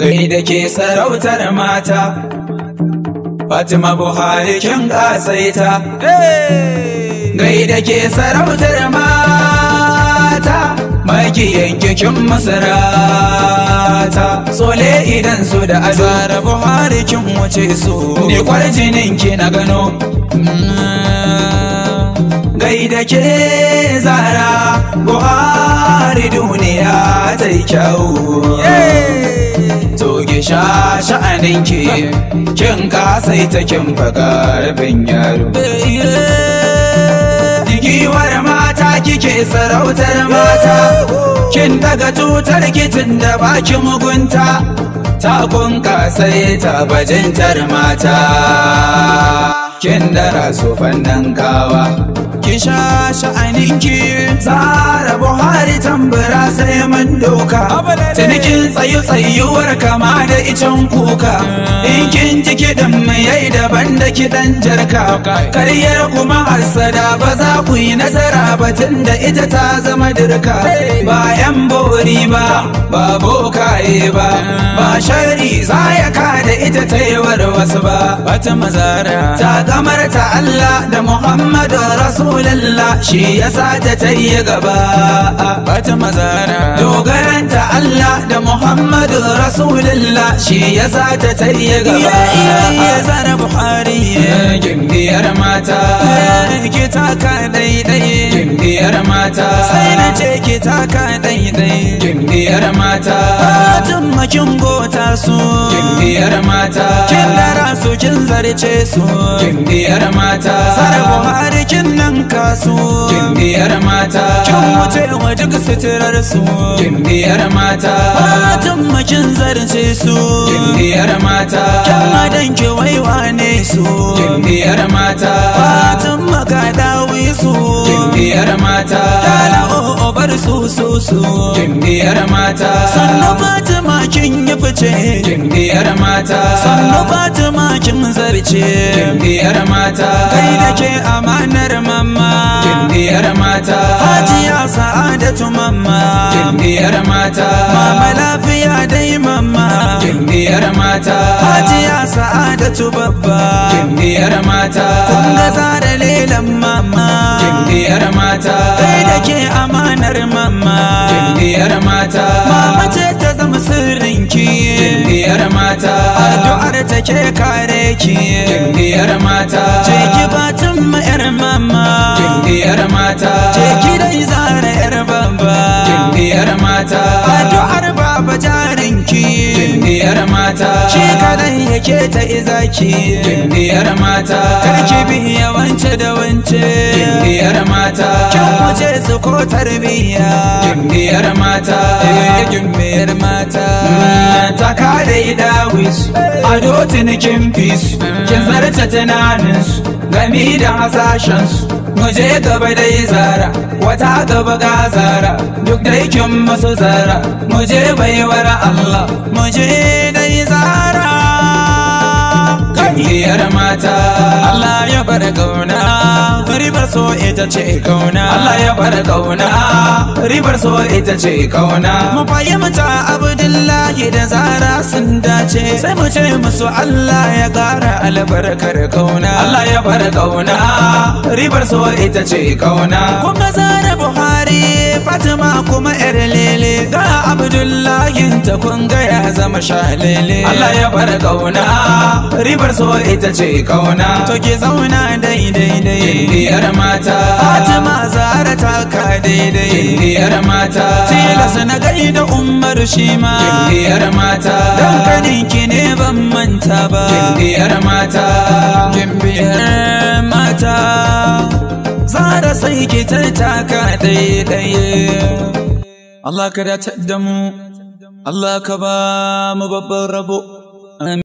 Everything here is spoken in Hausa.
gani da ke sarautar mata Fatima Buhari kin kasaita gai da ke sarautar mata maki yanke kin masarata sole idan su da azara Buhari kin wuce su ne kwarjinin ki na gano gai da ke zara Buhari duniya ta yi kyau sha sha'anin kin kin sai ta kin rabin yaro giwar mata kike sarautar mata kin daga tutar kitin da baki mugunta ta kun sai ta bajintar mata kin dara su fannin kawa ki sha sha'aninki Zara Buhari tambura sai mun doka tunikin tsayu tsayuwar kama da icen kuka In kin ji kiɗin mu yai daban da kiɗan jarka Karyar kuma hassada ba za ku yi nasara ba da ita ta zama dirka Ba 'yan bori ba, ba bokaye ba ba shari za ya kada ita ta yi wasu ba wata mazara ta kamar ta Allah da Muhammadu Rasulallah shi ya sa ta ta yi gaba wata mazara dogaran ta Allah da Muhammadu Rasulallah shi ya sa ta ta yi gaba ya zara Buhari gindiyar mata ki taka daidai gindiyar mata sai na ce ki taka daidai gindiyar mata tun makin go ta su Gimbiyar mata Kin dara su kin zarce su Gimbiyar mata Sare Buhari kin nan kasu Gimbiyar mata Kin wuce wa duk suturar su Gimbiyar mata Fatan mu kin zarce su Gimbiyar mata Kin madan ki waiwa ne su Gimbiyar mata susu kimbiyar mata sannu ma kin yi fice kimbiyar mata sannu ma kin zarce kimbiyar mata kai da ke amanar mamma kimbiyar mata hajiya sa'adatu mamma kimbiyar mata mama lafiya dai mamma kimbiyar mata hajiya Saratu babba Kinniyar mata Kun ga zara lelan mama Kinniyar mata Kai da ke amanar mama Kinniyar mata Mama ce ta zama sirrinki Kinniyar mata Addu'ar ta ke kare ki Kinniyar mata Ce ki batun ma yar mama Kinniyar mata Ce ki dai zara yar baba Kinniyar mata Addu'ar baba jarinki Kinniyar mata Shi kadai ke ta izaki kimbiyar mata karki biya wance da wance kimbiyar mata kin kuje su ko tarbiya kimbiyar mata kimbiyar eh, mata hmm, ta kare a eh. ado tinikin su. Hmm. kin zarta tunaninsu gami da hasashensu muje gaba dai zara wata gaba ga zara duk dai kin masu zara muje baiwar Allah muje dai zara mata Allah ya bar kauna ribar so ita ce kauna Allah ya bar kauna ribar so ita ce kauna mu mata abdullahi da zara sun dace sai mu ce musu Allah ya kara albarkar kauna Allah ya bar kauna ribar so ita ce kauna kuma zara buhari fatima kuma yar lele ga abdullahi ta kunga ya zama shalele Allah ya bar kauna ribar so ita ce kauna to ke zauna daidai dai kindiyar mata fatima zara ta ka daidai kindiyar mata tilas na gaida umar shi ma kindiyar mata dan kanin ki ne ban manta ba kindiyar mata mata maza sai ki taka ɗaya ɗaya Allah ka datar da mu Allah ka ba mu babban rabo